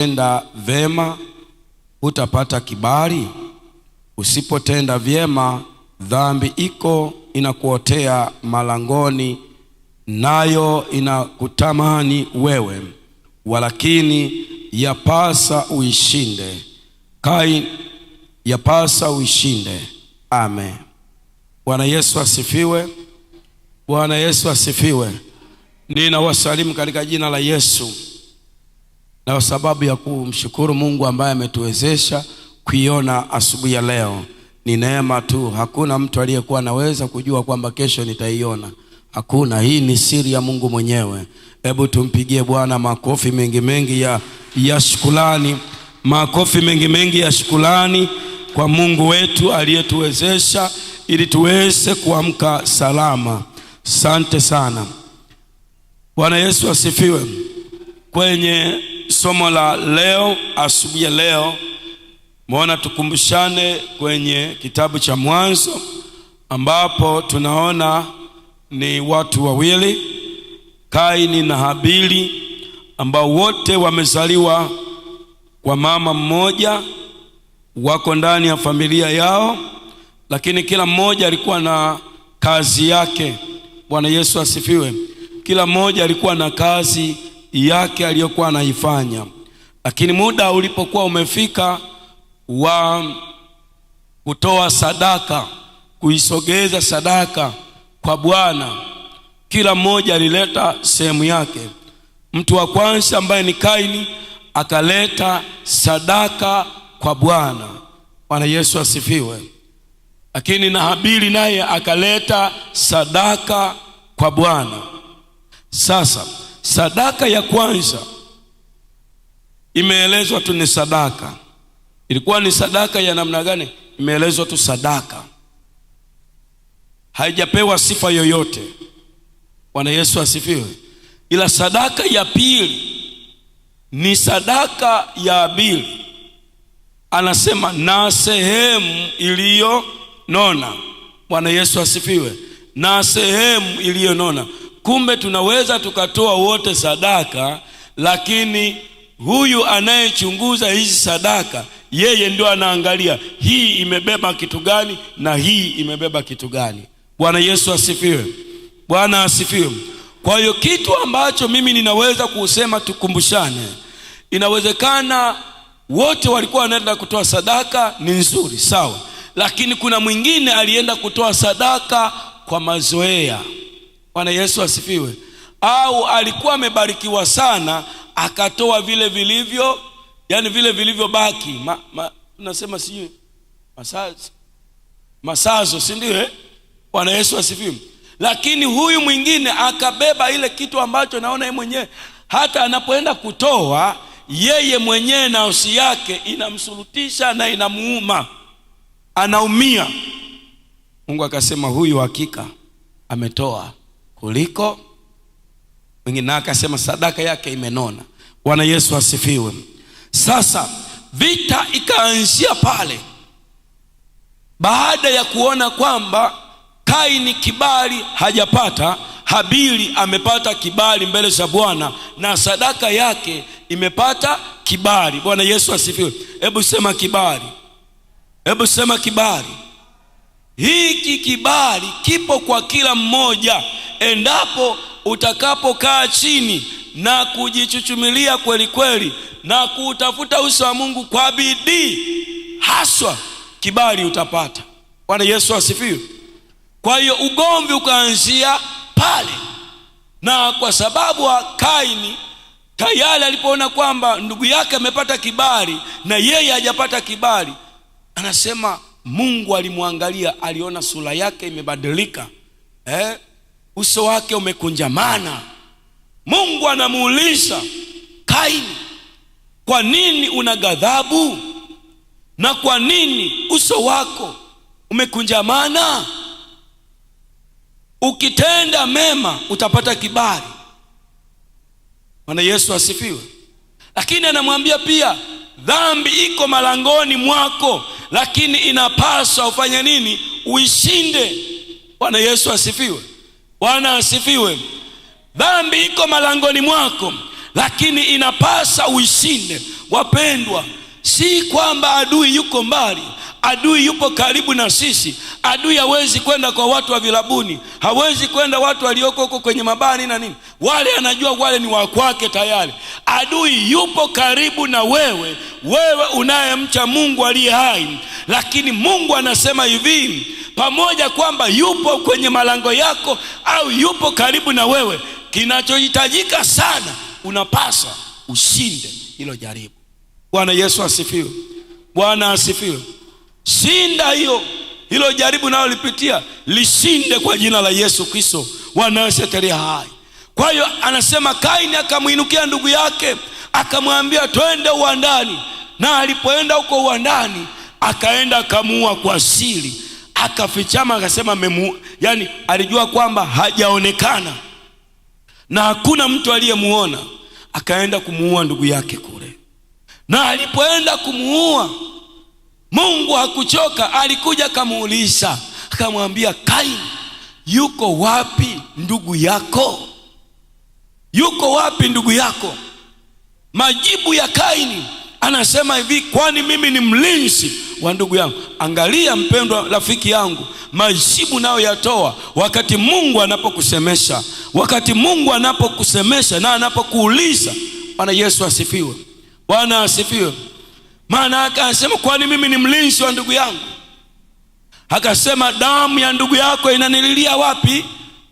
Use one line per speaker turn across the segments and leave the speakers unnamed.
Tenda vyema hutapata kibali. Usipotenda vyema, dhambi iko inakuotea malangoni, nayo inakutamani wewe, walakini yapasa uishinde. Kai, yapasa uishinde. Amen. Bwana Yesu asifiwe. Bwana Yesu asifiwe. Ninawasalimu katika jina la Yesu na sababu ya kumshukuru Mungu ambaye ametuwezesha kuiona asubuhi ya leo. Ni neema tu, hakuna mtu aliyekuwa anaweza kujua kwamba kesho nitaiona. Hakuna, hii ni siri ya Mungu mwenyewe. Hebu tumpigie Bwana makofi mengi mengi ya, ya shukulani, makofi mengi mengi ya shukulani kwa Mungu wetu aliyetuwezesha ili tuweze kuamka salama. Sante sana. Bwana Yesu asifiwe. Kwenye somo la leo asubuhi ya leo mwona, tukumbushane kwenye kitabu cha Mwanzo ambapo tunaona ni watu wawili Kaini na Habili ambao wote wamezaliwa kwa mama mmoja, wako ndani ya familia yao, lakini kila mmoja alikuwa na kazi yake. Bwana Yesu asifiwe. Kila mmoja alikuwa na kazi yake aliyokuwa anaifanya. Lakini muda ulipokuwa umefika wa kutoa sadaka, kuisogeza sadaka kwa Bwana, kila mmoja alileta sehemu yake. Mtu wa kwanza ambaye ni Kaini akaleta sadaka kwa Bwana. Bwana Yesu asifiwe. Lakini na Habili naye akaleta sadaka kwa Bwana. Sasa Sadaka ya kwanza imeelezwa tu ni sadaka. Ilikuwa ni sadaka ya namna gani? Imeelezwa tu sadaka, haijapewa sifa yoyote. Bwana Yesu asifiwe. Ila sadaka ya pili ni sadaka ya abili anasema na sehemu iliyonona. Bwana Yesu asifiwe, na sehemu iliyonona. Kumbe tunaweza tukatoa wote sadaka, lakini huyu anayechunguza hizi sadaka yeye ndio anaangalia hii imebeba kitu gani na hii imebeba kitu gani. Bwana Yesu asifiwe! Bwana asifiwe! Kwa hiyo kitu ambacho mimi ninaweza kusema tukumbushane, inawezekana wote walikuwa wanaenda kutoa sadaka, ni nzuri sawa, lakini kuna mwingine alienda kutoa sadaka kwa mazoea. Bwana Yesu asifiwe. Au alikuwa amebarikiwa sana akatoa vile vilivyo, yani vile vilivyobaki ma, ma, nasema sijui masazo masazo, si ndio? Eh, Bwana Yesu asifiwe. Lakini huyu mwingine akabeba ile kitu ambacho naona yeye mwenyewe hata anapoenda kutoa yeye mwenyewe naosi yake inamsurutisha na inamuuma, anaumia. Mungu akasema huyu hakika ametoa kuliko wengine, na akasema sadaka yake imenona. Bwana Yesu asifiwe. Sasa vita ikaanzia pale baada ya kuona kwamba Kaini kibali hajapata, Habili amepata kibali mbele za Bwana na sadaka yake imepata kibali. Bwana Yesu asifiwe. Hebu sema kibali, hebu sema kibali. Hiki kibali kipo kwa kila mmoja, endapo utakapokaa chini na kujichuchumilia kweli kweli na kuutafuta uso wa Mungu kwa bidii haswa, kibali utapata. Bwana Yesu asifiwe. Kwa hiyo ugomvi ukaanzia pale, na kwa sababu wa Kaini tayari alipoona kwamba ndugu yake amepata kibali na yeye hajapata kibali, anasema Mungu alimwangalia, aliona sura yake imebadilika, eh, uso wake umekunjamana. Mungu anamuuliza Kaini, kwa nini una ghadhabu na kwa nini uso wako umekunjamana? Ukitenda mema utapata kibali. Bwana Yesu asifiwe. Lakini anamwambia pia, dhambi iko malangoni mwako lakini inapaswa ufanye nini? Uishinde. Bwana Yesu asifiwe! Bwana asifiwe! Dhambi iko malangoni mwako, lakini inapasa uishinde. Wapendwa, si kwamba adui yuko mbali, adui yupo karibu na sisi. Adui hawezi kwenda kwa watu wa vilabuni, hawezi kwenda watu walioko huko kwenye mabani na nini, wale anajua wale ni wa kwake tayari. Adui yupo karibu na wewe, wewe unayemcha Mungu aliye hai. Lakini Mungu anasema hivi, pamoja kwamba yupo kwenye malango yako au yupo karibu na wewe, kinachohitajika sana, unapasa ushinde hilo jaribu. Bwana Yesu asifiwe. Bwana asifiwe shinda hiyo hilo jaribu nalo lipitia lishinde kwa jina la yesu kristo wanaoseteli hai kwa hiyo anasema kaini akamwinukia ndugu yake akamwambia twende uwandani na alipoenda huko uwandani akaenda akamuua kwa siri akafichama akasema memu yani alijua kwamba hajaonekana na hakuna mtu aliyemuona akaenda kumuua ndugu yake kule na alipoenda kumuua mungu hakuchoka alikuja akamuuliza akamwambia kaini yuko wapi ndugu yako yuko wapi ndugu yako majibu ya kaini anasema hivi kwani mimi ni mlinzi wa ndugu yangu angalia mpendwa rafiki yangu majibu nayo yatoa wakati mungu anapokusemesha wakati mungu anapokusemesha na anapokuuliza bwana yesu asifiwe bwana asifiwe maana yake anasema, kwani mimi ni mlinzi wa ndugu yangu? Akasema, damu ya ndugu yako inanililia wapi?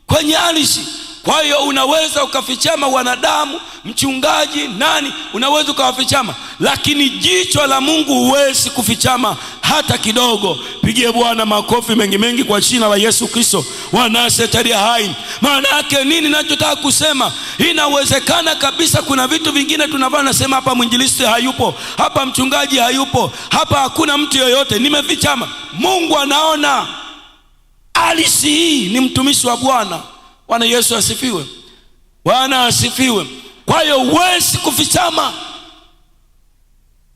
Kwenye ardhi kwa hiyo unaweza ukafichama wanadamu mchungaji nani unaweza ukawafichama lakini jicho la mungu huwezi kufichama hata kidogo pigie bwana makofi mengi mengi kwa jina la yesu kristo wanasetaria hai maana yake nini nachotaka kusema inawezekana kabisa kuna vitu vingine tunavaa nasema hapa mwinjilisti hayupo hapa mchungaji hayupo hapa hakuna mtu yoyote nimefichama mungu anaona alisi hii ni mtumishi wa bwana Bwana Yesu asifiwe, Bwana asifiwe. Kwa hiyo huwezi kufichama.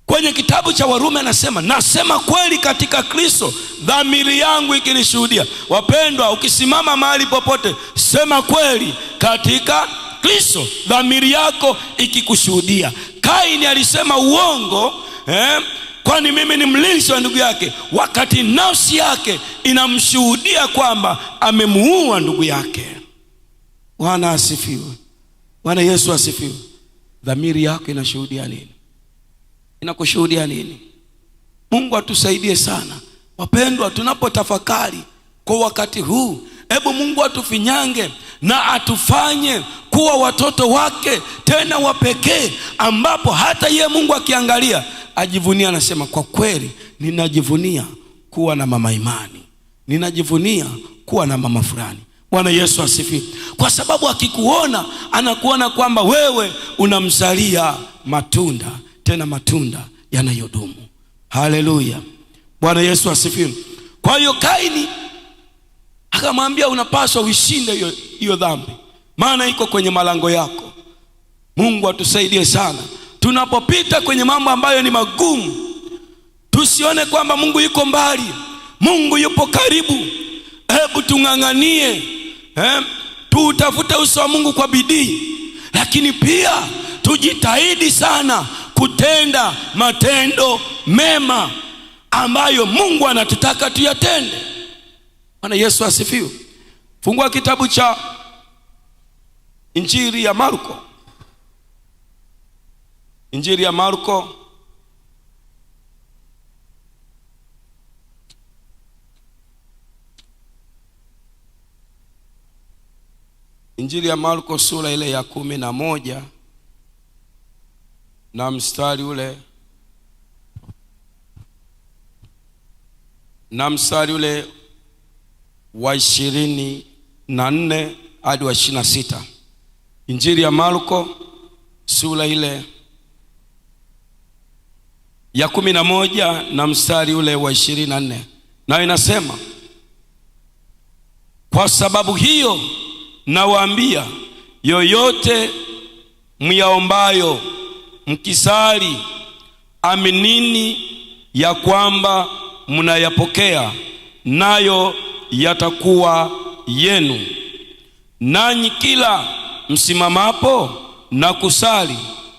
Kwenye kitabu cha Warumi anasema, nasema kweli katika Kristo, dhamiri yangu ikinishuhudia. Wapendwa, ukisimama mahali popote, sema kweli katika Kristo, dhamiri yako ikikushuhudia. Kaini alisema uongo eh, kwani mimi ni mlinzi wa ndugu yake, wakati nafsi yake inamshuhudia kwamba amemuua ndugu yake. Bwana asifiwe. Bwana Yesu asifiwe. Dhamiri yako inashuhudia nini? Inakushuhudia nini? Mungu atusaidie sana wapendwa, tunapotafakari kwa wakati huu, hebu Mungu atufinyange na atufanye kuwa watoto wake tena wa pekee, ambapo hata yeye Mungu akiangalia ajivunia, anasema kwa kweli, ninajivunia kuwa na mama Imani, ninajivunia kuwa na mama fulani. Bwana Yesu asifiwe. Kwa sababu akikuona anakuona kwamba wewe unamzalia matunda, tena matunda yanayodumu. Haleluya, Bwana Yesu asifiwe. Kwa hiyo Kaini akamwambia unapaswa uishinde hiyo dhambi, maana iko kwenye malango yako. Mungu atusaidie sana, tunapopita kwenye mambo ambayo ni magumu, tusione kwamba Mungu yuko mbali. Mungu yupo karibu. Hebu tung'ang'anie eh, tuutafute uso wa Mungu kwa bidii, lakini pia tujitahidi sana kutenda matendo mema ambayo Mungu anatutaka tuyatende. Bwana Yesu asifiwe. Fungua kitabu cha Injili ya Marko, Injili ya Marko Injili ya Marko sura ile ya kumi na moja na mstari ule na mstari ule wa ishirini na nne hadi wa ishirini na sita. Injili ya Marko sura ile ya kumi na moja na mstari ule wa ishirini na nne nayo inasema, kwa sababu hiyo nawaambia yoyote myaombayo mkisali, aminini ya kwamba mnayapokea, nayo yatakuwa yenu. Nanyi kila msimamapo na kusali,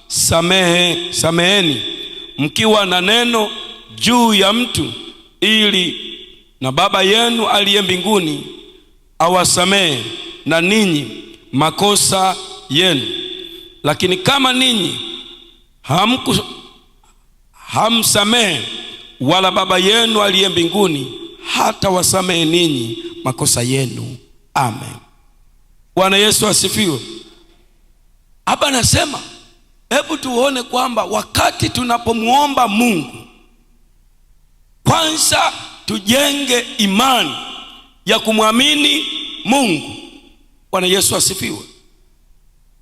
samehe sameheni, mkiwa na neno juu ya mtu, ili na Baba yenu aliye mbinguni awasamehe na ninyi makosa yenu, lakini kama ninyi hamsamehe wala Baba yenu aliye mbinguni hata wasamehe ninyi makosa yenu. Amen. Bwana Yesu asifiwe. Hapa nasema hebu tuone kwamba wakati tunapomwomba Mungu kwanza tujenge imani ya kumwamini Mungu Bwana Yesu asifiwe.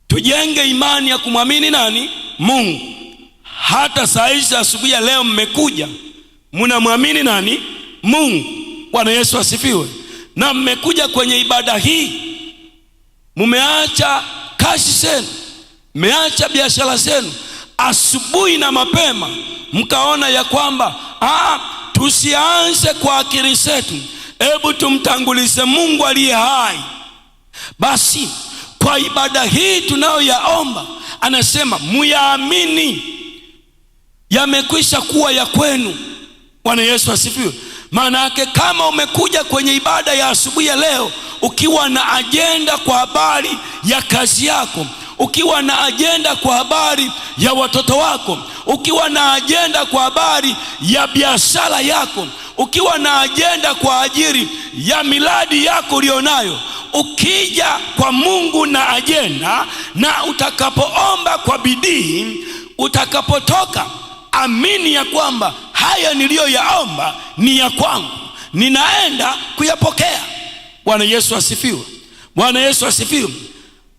Tujenge imani ya kumwamini nani? Mungu. Hata saa hizi asubuhi ya leo mmekuja, mnamwamini nani? Mungu. Bwana Yesu asifiwe. Na mmekuja kwenye ibada hii, mmeacha kazi zenu, mmeacha biashara zenu asubuhi na mapema, mkaona ya kwamba ah, tusianze kwa akili zetu, hebu tumtangulize Mungu aliye hai. Basi kwa ibada hii tunayoyaomba, anasema muyaamini, yamekwisha kuwa ya kwenu. Bwana Yesu asifiwe. Maana yake kama umekuja kwenye ibada ya asubuhi ya leo ukiwa na ajenda kwa habari ya kazi yako, ukiwa na ajenda kwa habari ya watoto wako, ukiwa na ajenda kwa habari ya biashara yako ukiwa na ajenda kwa ajili ya miradi yako ulionayo ukija kwa Mungu na ajenda, na utakapoomba kwa bidii, utakapotoka, amini ya kwamba haya niliyoyaomba ni ya kwangu, ninaenda kuyapokea. Bwana Yesu asifiwe! Bwana Yesu asifiwe!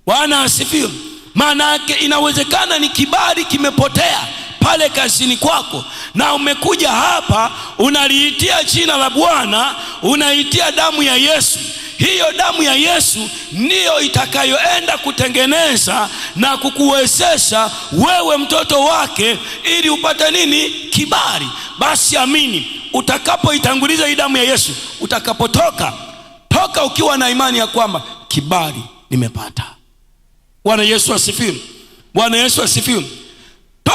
Bwana asifiwe! Maana yake inawezekana ni kibali kimepotea pale kazini kwako, na umekuja hapa unaliitia jina la Bwana, unaitia damu ya Yesu. Hiyo damu ya Yesu ndiyo itakayoenda kutengeneza na kukuwezesha wewe mtoto wake, ili upate nini? Kibali. Basi amini, utakapoitanguliza hii damu ya Yesu, utakapotoka toka ukiwa na imani ya kwamba kibali nimepata. Bwana Yesu asifiwe! Bwana Yesu asifiwe!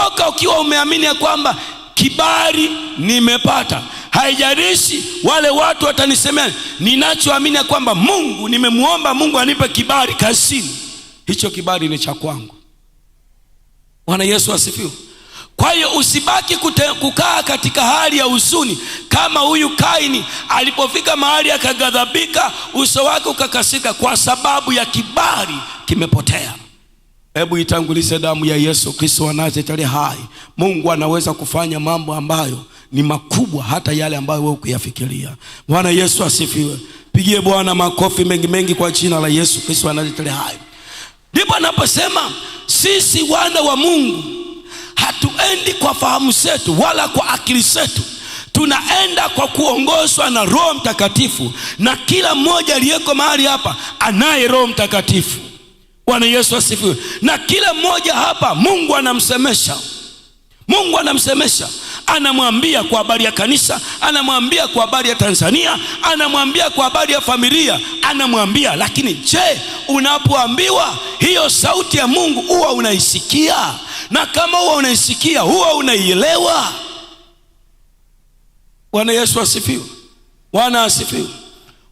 toka ukiwa umeamini ya kwamba kibali nimepata haijarishi wale watu watanisemea ninachoamini ya kwamba mungu nimemwomba mungu anipe kibali kazini hicho kibali ni cha kwangu bwana yesu asifiwe kwa hiyo usibaki kute, kukaa katika hali ya huzuni kama huyu kaini alipofika mahali akaghadhabika uso wake ukakasika kwa sababu ya kibali kimepotea Hebu itangulize damu ya Yesu Kristo anazetali hai. Mungu anaweza kufanya mambo ambayo ni makubwa hata yale ambayo wewe kuyafikiria Bwana Yesu asifiwe. Pigie Bwana makofi mengi mengi kwa jina la Yesu Kristo anazetali hai. Ndipo anaposema sisi wana wa Mungu hatuendi kwa fahamu zetu wala kwa akili zetu tunaenda kwa kuongozwa na Roho Mtakatifu, na kila mmoja aliyeko mahali hapa anaye Roho Mtakatifu bwana yesu asifiwe na kila mmoja hapa mungu anamsemesha mungu anamsemesha anamwambia kwa habari ya kanisa anamwambia kwa habari ya tanzania anamwambia kwa habari ya familia anamwambia lakini je unapoambiwa hiyo sauti ya mungu huwa unaisikia na kama huwa unaisikia huwa unaielewa bwana yesu asifiwe bwana asifiwe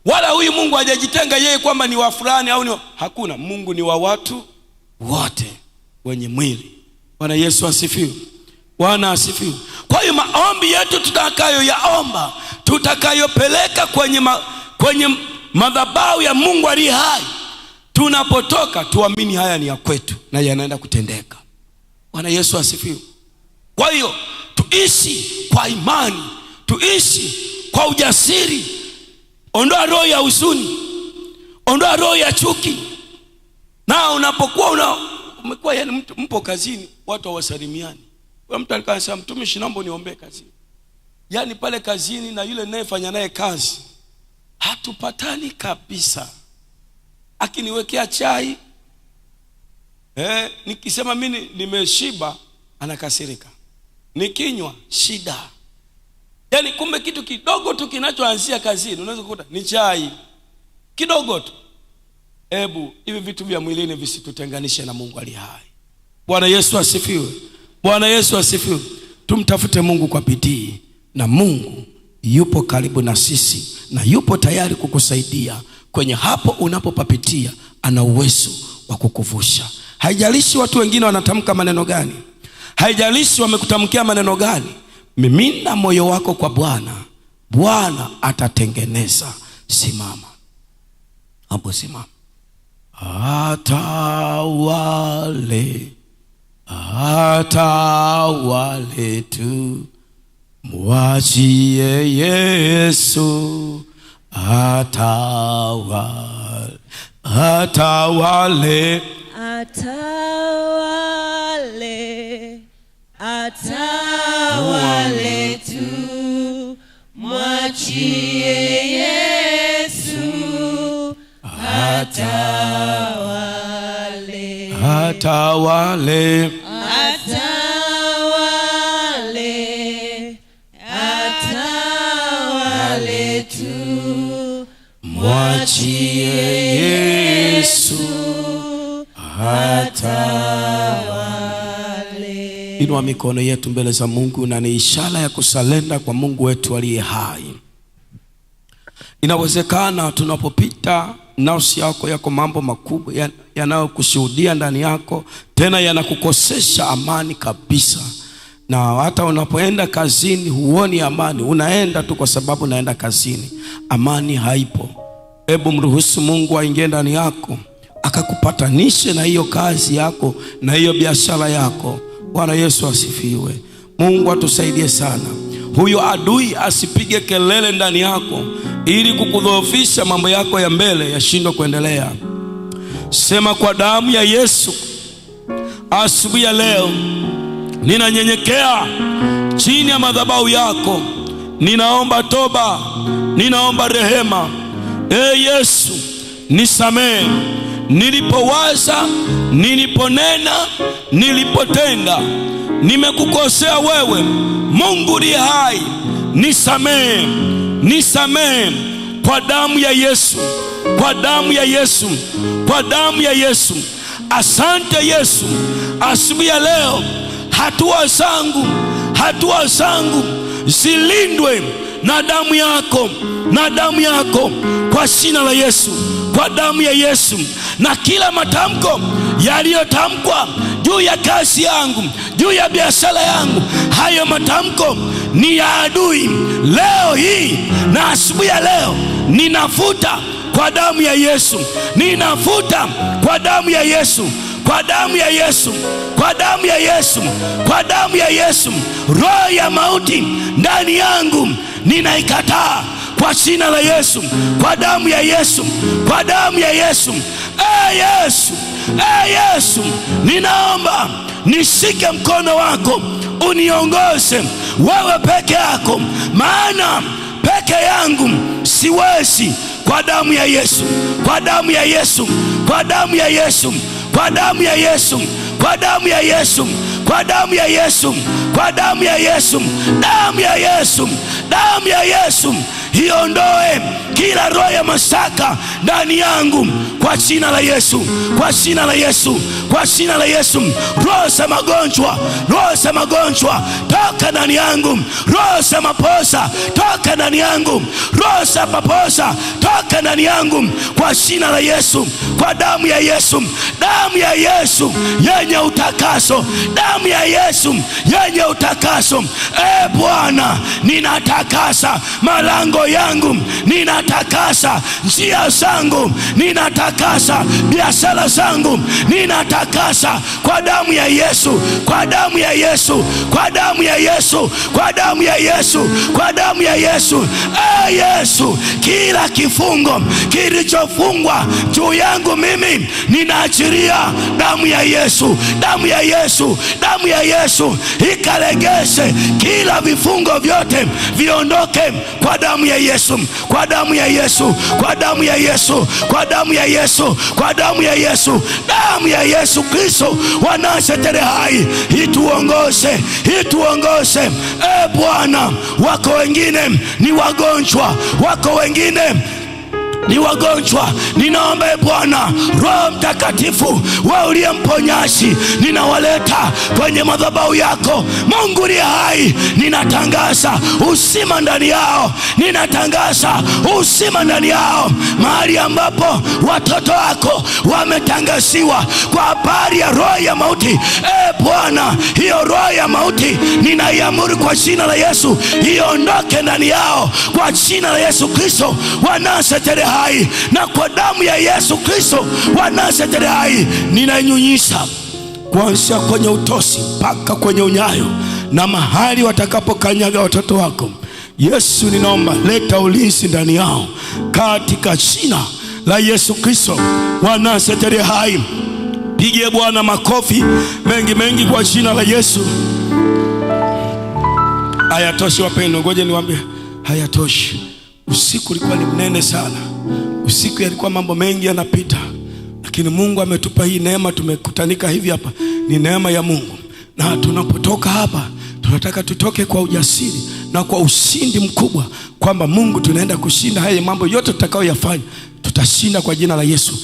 wala huyu mungu hajajitenga yeye kwamba ni wa fulani au ni wa... hakuna mungu ni wa watu wote wenye mwili bwana yesu asifiwe bwana asifiwe kwa hiyo maombi yetu tutakayoyaomba tutakayopeleka kwenye, ma, kwenye madhabahu ya mungu aliye hai tunapotoka tuamini haya ni ya kwetu na yanaenda kutendeka bwana yesu asifiwe kwa hiyo tuishi kwa imani tuishi kwa ujasiri ondoa roho ya huzuni ondoa roho ya chuki na unapokuwa una umekuwa yani mtu mpo kazini watu hawasalimiani kwa mtu alikaa mtumishi naomba niombee kazini yaani pale kazini na yule nayefanya naye kazi hatupatani kabisa akiniwekea chai eh, nikisema mimi nimeshiba anakasirika nikinywa shida yaani kumbe kitu kidogo tu kinachoanzia kazini unaweza kukuta ni chai kidogo tu hebu hivi vitu vya mwilini visitutenganishe na mungu ali hai bwana yesu asifiwe bwana yesu asifiwe tumtafute mungu kwa bidii na mungu yupo karibu na sisi na yupo tayari kukusaidia kwenye hapo unapopapitia ana uwezo wa kukuvusha haijalishi watu wengine wanatamka maneno gani haijalishi wamekutamkia maneno gani mimina moyo wako kwa Bwana, Bwana atatengeneza. Simama hapo, simama. Hata wale hata wale tu mwachie Yesu, hata wale hata wale
hata wale atawale tu, mwachie Yesu atawale,
atawale,
atawale, atawale tu, mwachie Yesu atawale.
Inua mikono yetu mbele za Mungu, na ni ishara ya kusalenda kwa Mungu wetu aliye hai. Inawezekana tunapopita nafsi yako yako mambo makubwa yanayokushuhudia ya ndani yako, tena yanakukosesha amani kabisa, na hata unapoenda kazini huoni amani, unaenda tu kwa sababu unaenda kazini, amani haipo. Hebu mruhusu Mungu aingie ndani yako akakupatanishe na hiyo kazi yako na hiyo biashara yako. Bwana Yesu asifiwe. Mungu atusaidie sana, huyo adui asipige kelele ndani yako ili kukudhoofisha, mambo yako ya mbele yashindwe kuendelea. Sema kwa damu ya Yesu, asubuhi ya leo ninanyenyekea chini ya madhabahu yako, ninaomba toba, ninaomba rehema. E Yesu, nisamehe nilipowaza, niliponena, nilipotenda, nimekukosea wewe Mungu ni hai, nisamehe, nisamehe kwa damu ya Yesu, kwa damu ya Yesu, kwa damu ya Yesu. Asante Yesu, asubuhi ya leo hatua zangu, hatua zangu zilindwe na damu yako, na damu yako kwa jina la Yesu kwa damu ya Yesu, na kila matamko yaliyotamkwa juu ya kazi yangu, juu ya biashara yangu, hayo matamko ni ya adui. Leo hii na asubuhi ya leo ninafuta kwa damu ya Yesu, ninafuta kwa damu ya Yesu, kwa damu ya Yesu, kwa damu ya Yesu, kwa damu ya Yesu. Roho ya mauti ndani yangu ninaikataa kwa jina la Yesu, kwa damu ya Yesu, kwa damu ya Yesu. E Yesu, e Yesu, ninaomba nishike mkono wako uniongoze wewe peke yako, maana peke yangu siwezi. Kwa damu ya Yesu, kwa damu ya Yesu, kwa damu ya Yesu, kwa damu ya Yesu, kwa damu ya Yesu, kwa damu ya Yesu, kwa damu ya Yesu, damu ya Yesu, damu ya Yesu iondoe kila roho ya mashaka ndani yangu kwa jina la Yesu, kwa jina la Yesu, kwa jina la Yesu. Roho za magonjwa, roho za magonjwa toka ndani yangu, roho za maposa toka ndani yangu, roho za maposa toka ndani yangu kwa jina la Yesu, kwa damu ya Yesu, damu ya Yesu yenye utakaso, damu ya Yesu yenye utakaso. E Bwana, ninatakasa malango yangu ninatakasa, njia zangu ninatakasa, biashara zangu ninatakasa kwa damu ya Yesu, kwa damu ya Yesu, kwa damu ya Yesu, kwa damu ya Yesu, kwa damu ya Yesu. E Yesu, kila kifungo kilichofungwa juu yangu mimi ninaachiria damu ya Yesu, damu ya Yesu, damu ya Yesu ikalegese, kila vifungo vyote viondoke kwa damu ya ya Yesu, kwa damu ya Yesu, kwa damu ya Yesu, kwa damu ya Yesu, kwa damu ya Yesu, damu ya Yesu Kristo wa Nazareti hai, ituongoze, ituongoze e Bwana. Wako wengine ni wagonjwa, wako wengine ni wagonjwa. Ninaomba e Bwana Roho Mtakatifu, we uliye mponyashi, ninawaleta kwenye madhabahu yako. Mungu ni hai, ninatangaza usima ndani yao, ninatangaza usima ndani yao. Mahali ambapo watoto wako wametangaziwa kwa habari ya roho ya mauti, e Bwana, hiyo roho ya mauti ninaiamuru kwa jina la Yesu iondoke ndani yao, kwa jina la Yesu Kristo wa Nazareti hai, na kwa damu ya Yesu Kristo wa Nazareti hai ninainyunyisha kuanzia kwenye utosi mpaka kwenye unyayo na mahali watakapokanyaga watoto wako. Yesu, ninaomba leta ulinzi ndani yao katika jina la Yesu Kristo wa Nazareti hai. Pigie Bwana makofi mengi mengi kwa jina la Yesu. Hayatoshi wapendwa, ngoja niwaambie, hayatoshi. Usiku ulikuwa ni mnene sana. Usiku yalikuwa mambo mengi yanapita, lakini Mungu ametupa hii neema. Tumekutanika hivi hapa ni neema ya Mungu, na tunapotoka hapa tunataka tutoke kwa ujasiri na kwa ushindi mkubwa, kwamba Mungu tunaenda kushinda haya mambo yote tutakayoyafanya, tutashinda kwa jina la Yesu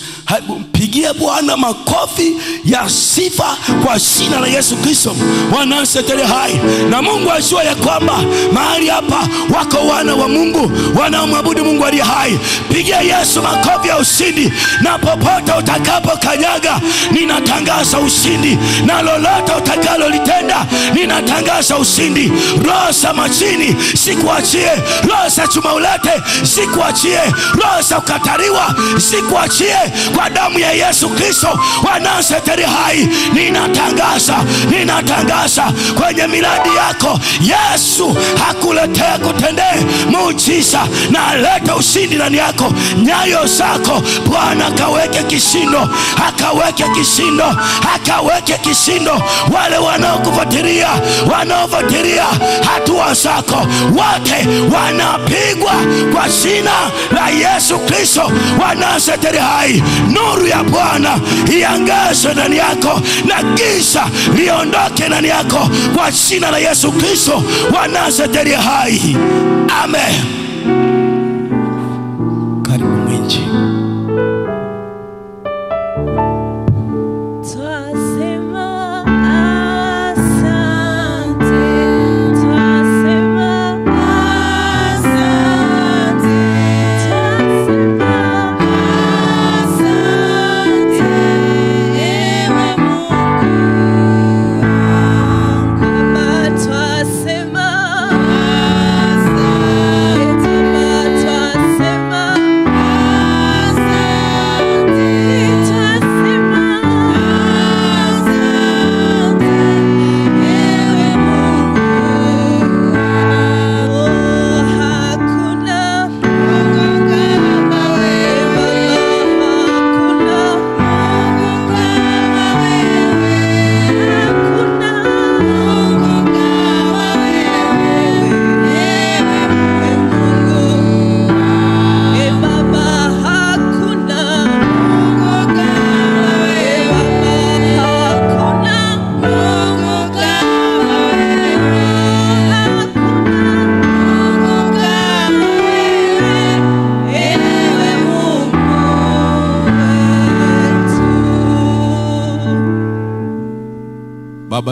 mpigie Bwana makofi ya sifa kwa jina la Yesu Kristo. Wanaosetele hai na Mungu ajua ya kwamba mahali hapa wako wana wa Mungu wanaomwabudu Mungu aliye hai. Pigia Yesu makofi ya ushindi, na popote utakapokanyaga ninatangaza ushindi, na lolote utakalolitenda ninatangaza ushindi. Roho za majini sikuachie, roho za chuma ulete sikuachie, roho za kukatariwa sikuachie, kwa damu ya Yesu Kristo wananseteri hai. Ninatangaza, ninatangaza kwenye miradi yako, Yesu hakuletea kutendee muujiza na alete ushindi ndani yako, nyayo zako Bwana akaweke kishindo, akaweke kishindo, akaweke kishindo. Wale wanaokufuatilia, wanaofuatilia hatua zako, wote wanapigwa kwa jina la Yesu Kristo wanaseteri hai, nuru ya Bwana iangazwe ndani yako na kisha liondoke ndani yako kwa jina la Yesu Kristo wa Nazareti hai. Amen.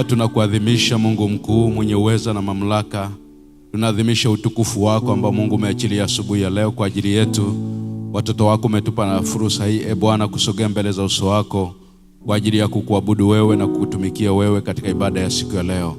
tunakuadhimisha Mungu mkuu, mwenye uweza na mamlaka. Tunaadhimisha utukufu wako ambao Mungu umeachilia asubuhi ya leo kwa ajili yetu. Watoto wako umetupa na fursa hii, e Bwana, kusogea mbele za uso wako kwa ajili ya kukuabudu wewe na kukutumikia wewe katika ibada ya siku ya leo.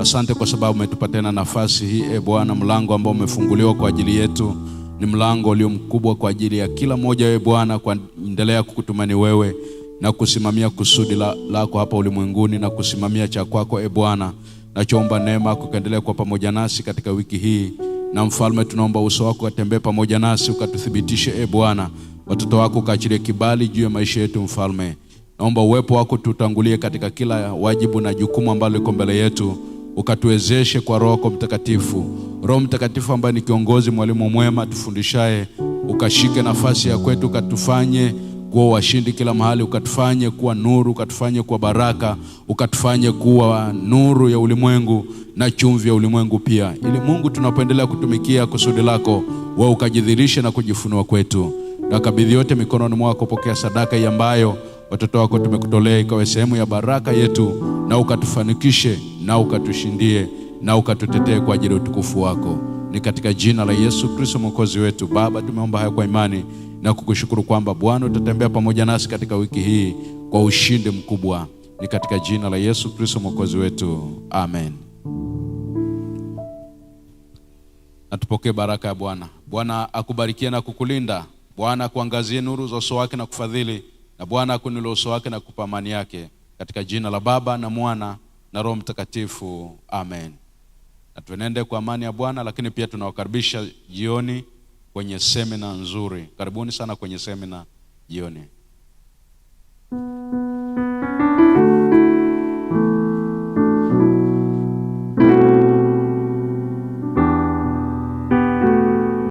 Asante kwa sababu umetupa tena nafasi hii, e Bwana, mlango ambao umefunguliwa kwa ajili yetu ni mlango ulio mkubwa kwa ajili ya kila mmoja, e Bwana, kuendelea kukutumani wewe na kusimamia kusudi lako hapa ulimwenguni na kusimamia cha kwako, e Bwana. Nachoomba neema yako kaendelee kwa pamoja nasi katika wiki hii, na mfalme, tunaomba uso wako atembee pamoja nasi, ukatuthibitishe e Bwana, watoto wako ukaachilie kibali juu ya maisha yetu. Mfalme, naomba uwepo wako tutangulie katika kila wajibu na jukumu ambalo liko mbele yetu, ukatuwezeshe kwa Roho yako Mtakatifu. Roho Mtakatifu ambaye ni kiongozi, mwalimu mwema, tufundishaye, ukashike nafasi ya kwetu, ukatufanye kuwa washindi kila mahali, ukatufanye kuwa nuru, ukatufanye kuwa baraka, ukatufanye kuwa nuru ya ulimwengu na chumvi ya ulimwengu pia, ili Mungu tunapoendelea kutumikia kusudi lako, wewe ukajidhirishe na kujifunua kwetu. Nakabidhi yote mikononi mwako, pokea sadaka hii ambayo watoto wako tumekutolea, ikawe sehemu ya baraka yetu, na ukatufanikishe na ukatushindie na ukatutetee kwa ajili ya utukufu wako, ni katika jina la Yesu Kristo mwokozi wetu. Baba, tumeomba haya kwa imani na kukushukuru kwamba Bwana utatembea pamoja nasi katika wiki hii kwa ushindi mkubwa, ni katika jina la Yesu Kristo mwokozi wetu, amen. Natupokee baraka ya Bwana. Bwana akubarikie na kukulinda. Bwana akuangazie nuru za uso wake na kufadhili, na Bwana akuinulie uso wake na kukupa amani yake, katika jina la Baba na Mwana na Roho Mtakatifu, amen. Na tuenende kwa amani ya Bwana, lakini pia tunawakaribisha jioni kwenye semina nzuri. Karibuni sana kwenye semina jioni.